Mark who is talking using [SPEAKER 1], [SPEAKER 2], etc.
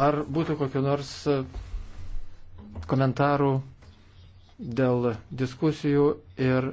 [SPEAKER 1] Ar būtų kokiu nors e, komentarų dėl diskusijų ir